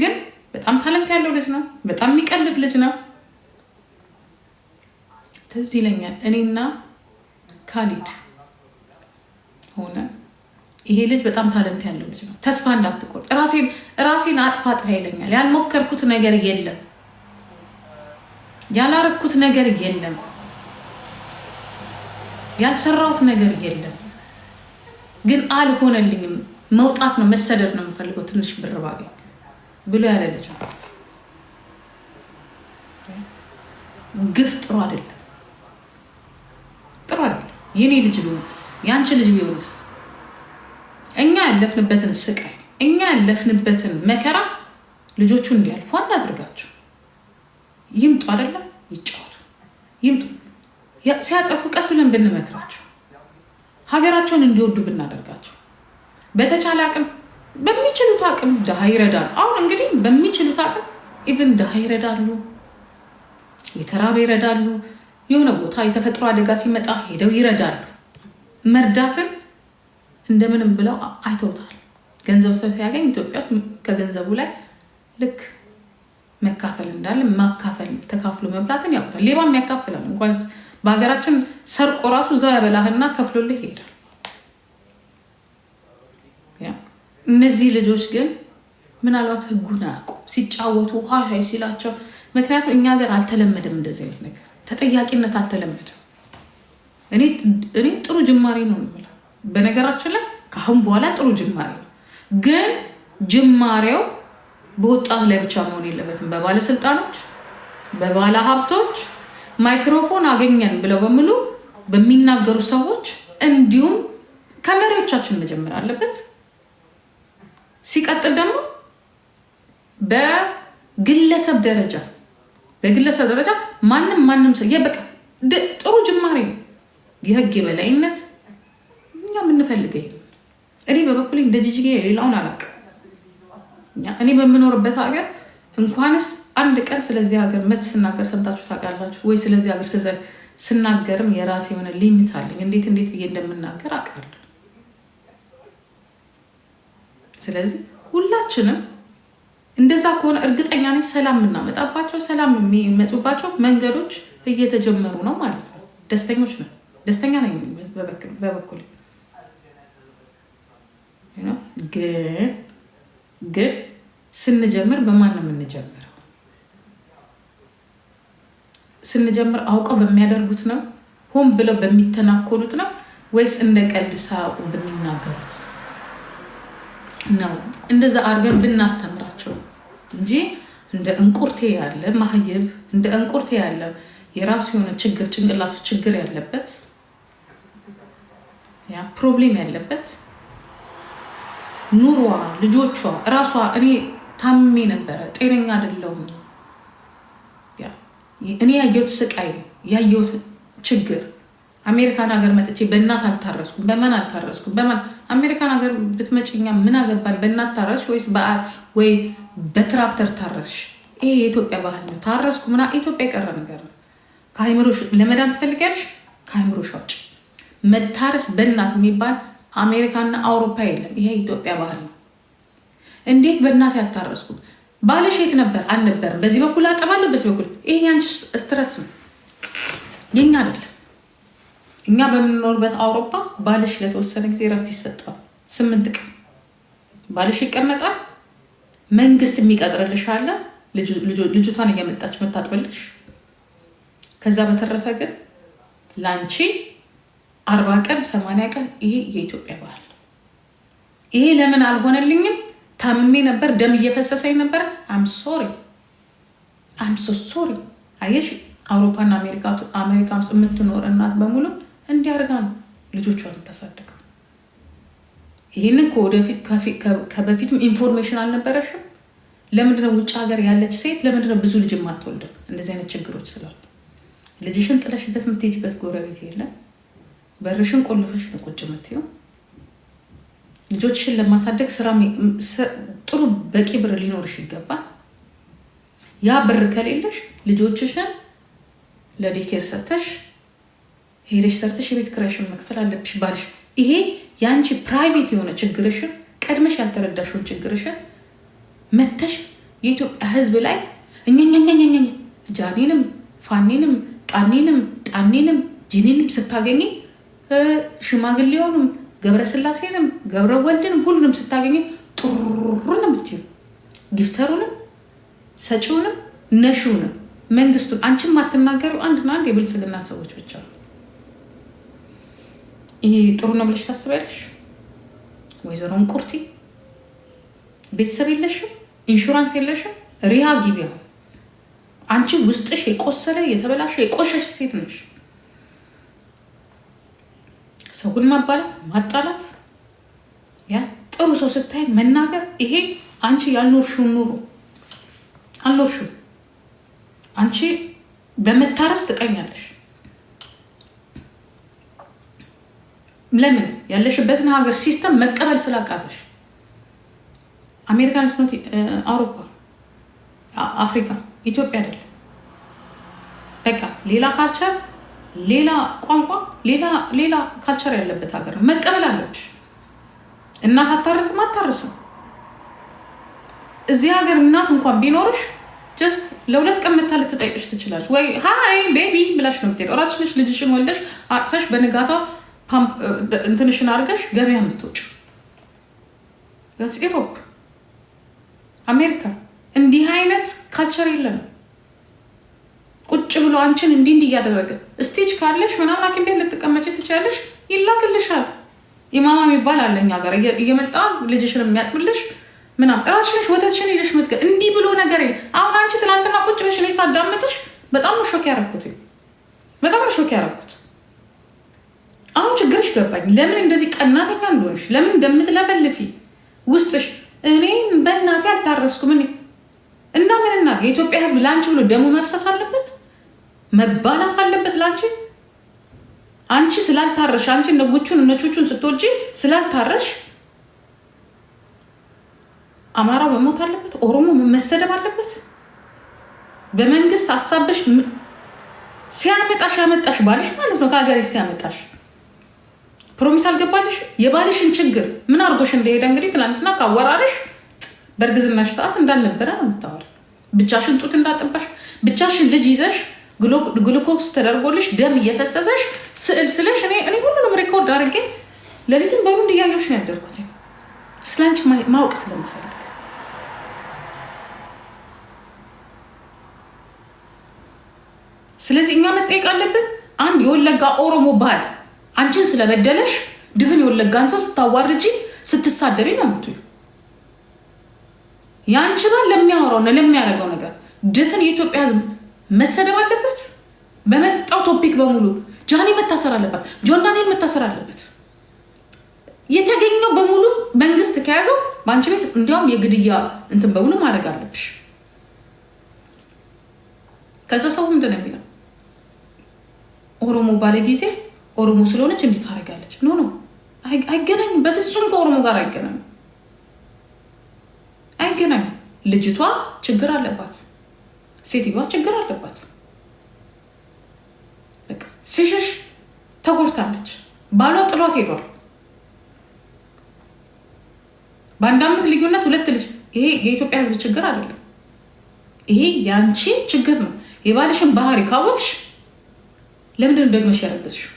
ግን በጣም ታለንት ያለው ልጅ ነው። በጣም የሚቀልድ ልጅ ነው። ትዝ ይለኛል እኔና ካሊድ ሆነ ይሄ ልጅ በጣም ታለንት ያለው ልጅ ነው። ተስፋ እንዳትቆርጥ ራሴን አጥፋ አጥፋ ይለኛል። ያልሞከርኩት ነገር የለም፣ ያላረግኩት ነገር የለም፣ ያልሰራሁት ነገር የለም። ግን አልሆነልኝም። መውጣት ነው መሰደድ ነው የምፈልገው ትንሽ ብር ባገኝ ብሎ ያለ ልጅ ነው። ግፍ ጥሩ አይደለም፣ ጥሩ አይደለም። የኔ ልጅ ቢሆንስ? የአንቺ ልጅ ቢሆንስ? እኛ ያለፍንበትን ስቃይ፣ እኛ ያለፍንበትን መከራ ልጆቹ እንዲያልፉ አናድርጋቸው። ይምጡ አይደለም፣ ይጫወቱ፣ ይምጡ። ሲያጠፉ ቀስ ብለን ብንመክራቸው፣ ሀገራቸውን እንዲወዱ ብናደርጋቸው በተቻለ አቅም በሚችሉት አቅም ድሃ ይረዳሉ። አሁን እንግዲህ በሚችሉት አቅም ኢቭን ድሃ ይረዳሉ፣ የተራበ ይረዳሉ። የሆነ ቦታ የተፈጥሮ አደጋ ሲመጣ ሄደው ይረዳሉ። መርዳትን እንደምንም ብለው አይተውታል። ገንዘብ ሰው ሲያገኝ ኢትዮጵያ ውስጥ ከገንዘቡ ላይ ልክ መካፈል እንዳለ ማካፈል ተካፍሎ መብላትን ያውቁታል። ሌባም ያካፍላል። እንኳን በሀገራችን ሰርቆ ራሱ እዛው ያበላህና ከፍሎልህ ይሄዳል። እነዚህ ልጆች ግን ምናልባት ህጉን ያቁ ሲጫወቱ ሀይ ሲላቸው፣ ምክንያቱም እኛ ሀገር አልተለመደም እንደዚህ አይነት ነገር ተጠያቂነት አልተለመደም። እኔ ጥሩ ጅማሬ ነው ብላ በነገራችን ላይ ከአሁን በኋላ ጥሩ ጅማሬ ነው፣ ግን ጅማሬው በወጣት ላይ ብቻ መሆን የለበትም። በባለስልጣኖች፣ በባለ ሀብቶች ማይክሮፎን አገኘን ብለው በሙሉ በሚናገሩ ሰዎች እንዲሁም ከመሪዎቻችን መጀመር አለበት። ሲቀጥል ደግሞ በግለሰብ ደረጃ በግለሰብ ደረጃ ማንም ማንም ሰው በቃ ጥሩ ጅማሬ ነው። የህግ የበላይነት እኛ የምንፈልገ እኔ በበኩል እንደ ጂጂ የሌላውን አላቅ እኔ በምኖርበት ሀገር እንኳንስ አንድ ቀን ስለዚህ ሀገር መች ስናገር ሰምታችሁ ታውቃላችሁ ወይ? ስለዚህ ሀገር ስናገርም የራሴ የሆነ ሊሚት አለኝ። እንዴት እንዴት ብዬ እንደምናገር አውቃለሁ። ስለዚህ ሁላችንም እንደዛ ከሆነ እርግጠኛ ነኝ ሰላም የምናመጣባቸው ሰላም የሚመጡባቸው መንገዶች እየተጀመሩ ነው ማለት ነው። ደስተኞች ነው። ደስተኛ ነኝ በበኩል ግን ግን ስንጀምር በማን ነው የምንጀምረው? ስንጀምር አውቀው በሚያደርጉት ነው? ሆን ብለው በሚተናኮሉት ነው ወይስ እንደ ቀልድ ሳያውቁ በሚናገሩት ነው እንደዛ አድርገን ብናስተምራቸው እንጂ እንደ እንቁርቴ ያለ ማህይብ እንደ እንቁርቴ ያለ የራሱ የሆነ ችግር ጭንቅላቱ ችግር ያለበት ያ ፕሮብሌም ያለበት ኑሯ ልጆቿ እራሷ እኔ ታምሜ ነበረ፣ ጤነኛ አይደለሁም። እኔ ያየሁት ስቃይ ያየሁት ችግር አሜሪካን ሀገር መጥቼ በእናት አልታረስኩም፣ በማን አልታረስኩም፣ በማን አሜሪካን ሀገር ብትመጭኛ ምን አገባል? በእናት ታረስሽ ወይስ በዓል ወይ በትራክተር ታረስሽ? ይሄ የኢትዮጵያ ባህል ነው። ታረስኩ ምና ኢትዮጵያ የቀረ ነገር ነው። ከአይምሮሽ ለመዳን ትፈልጊያለሽ? ከአይምሮሽ አውጭ መታረስ በእናት የሚባል አሜሪካና አውሮፓ የለም። ይሄ ኢትዮጵያ ባህል ነው። እንዴት በእናት ያልታረስኩም? ባልሽ የት ነበር? አልነበረም። በዚህ በኩል አጠባለሁ፣ በዚህ በኩል ይሄ ያንቺ ስትረስ ነው፣ የኛ አይደለም። እኛ በምንኖርበት አውሮፓ ባልሽ ለተወሰነ ጊዜ እረፍት ይሰጣል። ስምንት ቀን ባልሽ ይቀመጣል። መንግስት የሚቀጥርልሽ አለ ልጅቷን እየመጣች መታጥብልሽ። ከዛ በተረፈ ግን ላንቺ አርባ ቀን ሰማንያ ቀን ይሄ የኢትዮጵያ ባህል። ይሄ ለምን አልሆነልኝም? ታምሜ ነበር፣ ደም እየፈሰሰኝ ነበር። አም ሶሪ አም ሶ ሶሪ። አየሽ አውሮፓና አሜሪካ ውስጥ የምትኖር እናት በሙሉ እንዲያርጋ ነው ልጆቿን የምታሳድገው። ይህንን ከወደፊት ከበፊትም ኢንፎርሜሽን አልነበረሽም። ለምንድነው ውጭ ሀገር ያለች ሴት ለምንድነው ብዙ ልጅ የማትወልደው? እንደዚህ አይነት ችግሮች ስላሉ ልጅሽን ጥለሽበት የምትሄጅበት ጎረቤት የለም። በርሽን ቆልፈሽ ነው ቁጭ የምትይው። ልጆችሽን ለማሳደግ ስራ ጥሩ በቂ ብር ሊኖርሽ ይገባል። ያ ብር ከሌለሽ ልጆችሽን ለዴኬር ሰተሽ ሄደሽ ሰርተሽ የቤት ክራሽን መክፈል አለብሽ ባልሽ። ይሄ የአንቺ ፕራይቬት የሆነ ችግርሽን ቀድመሽ ያልተረዳሽውን ችግርሽን መተሽ የኢትዮጵያ ሕዝብ ላይ እኛኛኛኛኛ ጃኔንም ፋኔንም ቃኔንም ጣኔንም ጂኒንም ስታገኝ ሽማግሌውንም ገብረ ስላሴንም ገብረ ወልድንም ሁሉንም ስታገኝ ጥሩን የምትይው ጊፍተሩንም ሰጪውንም ነሺውንም መንግስቱን አንቺም አትናገሪው። አንድና አንድ የብልጽግና ሰዎች ብቻ ነው። ይሄ ጥሩ ነው ብለሽ ታስቢያለሽ? ወይዘሮ እንቁርቲ ቤተሰብ የለሽም፣ ኢንሹራንስ የለሽም። ሪሃ ጊቢያ አንቺ ውስጥሽ የቆሰለ የተበላሸ የቆሸሽ ሴት ነሽ። ሰውን ማባላት፣ ማጣላት፣ ያ ጥሩ ሰው ስታይ መናገር፣ ይሄ አንቺ ያልኖርሽውን ኑሮ አልኖርሽው። አንቺ በመታረስ ትቀኛለሽ። ለምን ያለሽበትን ሀገር ሲስተም መቀበል ስላቃተሽ አሜሪካን ስኖት አውሮፓ፣ አፍሪካ፣ ኢትዮጵያ አይደለም። በቃ ሌላ ካልቸር፣ ሌላ ቋንቋ፣ ሌላ ካልቸር ያለበት ሀገር መቀበል አለብሽ። እናት አታርስም አታርስም። እዚህ ሀገር እናት እንኳን ቢኖርሽ ጀስት ለሁለት ቀን መታ ልትጠይቅሽ ትችላለች። ወይ ሀይ ቤቢ ብላሽ ነው የምትሄደው። እራስሽ ልጅሽን ወልደሽ አቅፈሽ በንጋታ እንትንሽን uh, አድርገሽ ገበያ የምትወጪው ስ ኢሮፕ አሜሪካ እንዲህ አይነት ካልቸር የለንም። ቁጭ ብሎ አንቺን እንዲህ እንዲህ እያደረገ ስቲች ካለሽ ምናምን ሐኪም ቤት ልትቀመጭ ትችላለሽ፣ ይላክልሻል። ኢማማ የሚባል አለኝ ሀገር እየመጣ ልጅሽን የሚያጥብልሽ ምናም እራስሽን ወተትሽን ይዘሽ ምትገ እንዲህ ብሎ ነገር አሁን አንቺ ትናንትና ቁጭ ብሽ እኔ ሳዳምጥሽ በጣም ሾክ ያረኩት በጣም ሾክ ያረኩት አልገባኝ። ለምን እንደዚህ ቀናተኛ እንደሆንሽ ለምን እንደምትለፈልፊ ውስጥሽ። እኔ በእናቴ አልታረስኩም እኔ እና ምን እና የኢትዮጵያ ሕዝብ ለአንቺ ብሎ ደሞ መፍሰስ አለበት መባላት አለበት ለአንቺ አንቺ ስላልታረሽ አንቺ ነጎቹን እነቾቹን ስትወልጂ ስላልታረሽ አማራ መሞት አለበት፣ ኦሮሞ መሰደብ አለበት። በመንግስት ሀሳብሽ ሲያመጣሽ ያመጣሽ ባልሽ ማለት ነው ከሀገር ሲያመጣሽ ፕሮሚስ አልገባልሽ። የባልሽን ችግር ምን አድርጎሽ እንደሄደ እንግዲህ ትናንትና ካወራርሽ በእርግዝናሽ ሰዓት እንዳልነበረ ነው የምታወሪው። ብቻሽን ጡት እንዳጠባሽ፣ ብቻሽን ልጅ ይዘሽ ግሉኮክስ ተደርጎልሽ ደም እየፈሰሰሽ ስዕል ስለሽ እኔ ሁሉንም ሪኮርድ አድርጌ ሌሊቱን በሙሉ እያየሁሽ ነው ያደርኩት ስለአንቺ ማወቅ ስለምፈልግ ስለዚህ እኛ መጠየቅ አለብን። አንድ የወለጋ ኦሮሞ ባህል አንቺን ስለበደለሽ ድፍን የወለጋን ሰው ስታዋርጂ ስትሳደቢ ነው የምትዩ። የአንቺ ባል ለሚያወራውና ለሚያደርገው ነገር ድፍን የኢትዮጵያ ሕዝብ መሰደብ አለበት። በመጣው ቶፒክ በሙሉ ጃኒ መታሰር አለባት፣ ጆን ዳንኤል መታሰር አለበት። የተገኘው በሙሉ መንግስት ከያዘው በአንቺ ቤት እንዲያውም የግድያ እንትን በሙሉ ማድረግ አለብሽ። ከዛ ሰው ምንድን ነው የሚለው ኦሮሞ ባለ ጊዜ ኦሮሞ ስለሆነች እንዴት ታደርጋለች? ኖ ኖ፣ አይገናኝም። በፍጹም ከኦሮሞ ጋር አይገናኙም፣ አይገናኙም። ልጅቷ ችግር አለባት፣ ሴትዮዋ ችግር አለባት። ሲሸሽ ተጎድታለች። ባሏ ጥሏት ሄዷል። በአንድ ዓመት ልዩነት ሁለት ልጅ። ይሄ የኢትዮጵያ ሕዝብ ችግር አይደለም። ይሄ የአንቺ ችግር ነው። የባልሽን ባህሪ ካወቅሽ ለምንድን ደግመሽ ያረገዝሽው?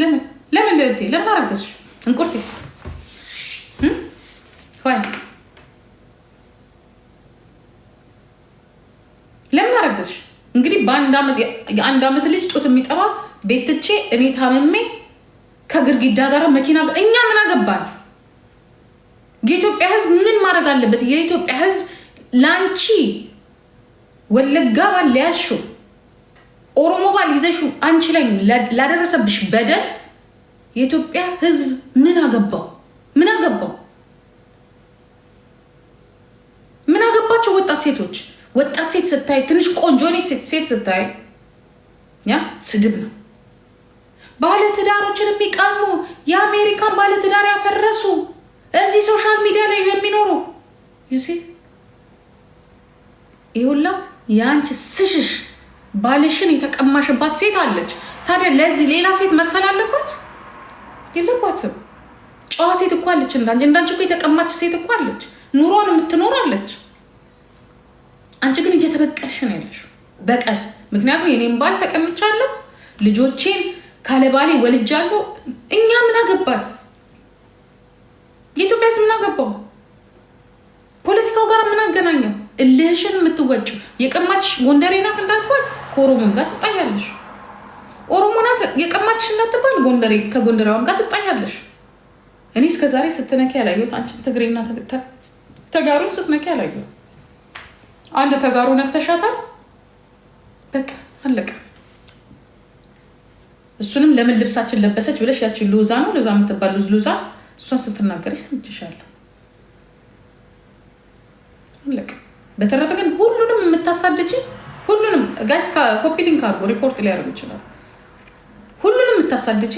ለምን ለምን ልዕልቴ ለምን አረገዝሽ? እንቁርቴ ለምን አረገዝሽ? እንግዲህ የአንድ ዓመት ልጅ ጡት የሚጠባ ቤት ትቼ እኔ ታምሜ ጋር መኪና እኛ ምን አገባል? የኢትዮጵያ ሕዝብ ምን ማድረግ አለበት? የኢትዮጵያ ሕዝብ ለአንቺ ወለጋ ባለ ኦሮሞ ባል ይዘሹ አንቺ ላይ ላደረሰብሽ በደል የኢትዮጵያ ሕዝብ ምን አገባው? ምን አገባው? ምን አገባቸው? ወጣት ሴቶች ወጣት ሴት ስታይ ትንሽ ቆንጆ ሴት ስታይ ያ ስድብ ነው። ባለትዳሮችን የሚቀሙ የአሜሪካን ባለትዳር ያፈረሱ እዚህ ሶሻል ሚዲያ ላይ የሚኖሩ ዩሴ ይሁላ የአንቺ ስሽሽ ባልሽን የተቀማሽባት ሴት አለች። ታዲያ ለዚህ ሌላ ሴት መክፈል አለባት? የለባትም። ጨዋ ሴት እኮ አለች። እንዳንቺ እንዳንቺ እኮ የተቀማች ሴት እኮ አለች። ኑሯን የምትኖር አለች። አንቺ ግን እየተበቀልሽ ነው ያለሽ በቀል። ምክንያቱም የኔም ባል ተቀምቻለሁ፣ ልጆቼን ካለባሌ ወልጃለሁ። እኛ ምን አገባል? የኢትዮጵያስ ምን አገባው? እልህሽን የምትወጩ የቀማች ጎንደሬ ናት እንዳትባል ከኦሮሞም ጋር ትጣያለሽ። ኦሮሞ ናት የቀማችሽ እንዳትባል ጎንደሬ ከጎንደሬዋም ጋር ትጣያለሽ። እኔ እስከ ዛሬ ስትነኪ ያላየሁት አንቺ ትግሬና ተጋሩን ስትነኪ ያላየሁት። አንድ ተጋሩ ነክተሻታል፣ በቃ አለቀ። እሱንም ለምን ልብሳችን ለበሰች ብለሽ ያችን ሎዛ ነው ሎዛ የምትባል ሉዝ ሎዛ እሷን ስትናገሪ ሰምቼሻለሁ። በተረፈ ግን ሁሉንም የምታሳደች ሁሉንም ጋይስ ኮፒ ሊንክ አድርጎ ሪፖርት ሊያደርጉ ይችላል። ሁሉንም የምታሳድጅ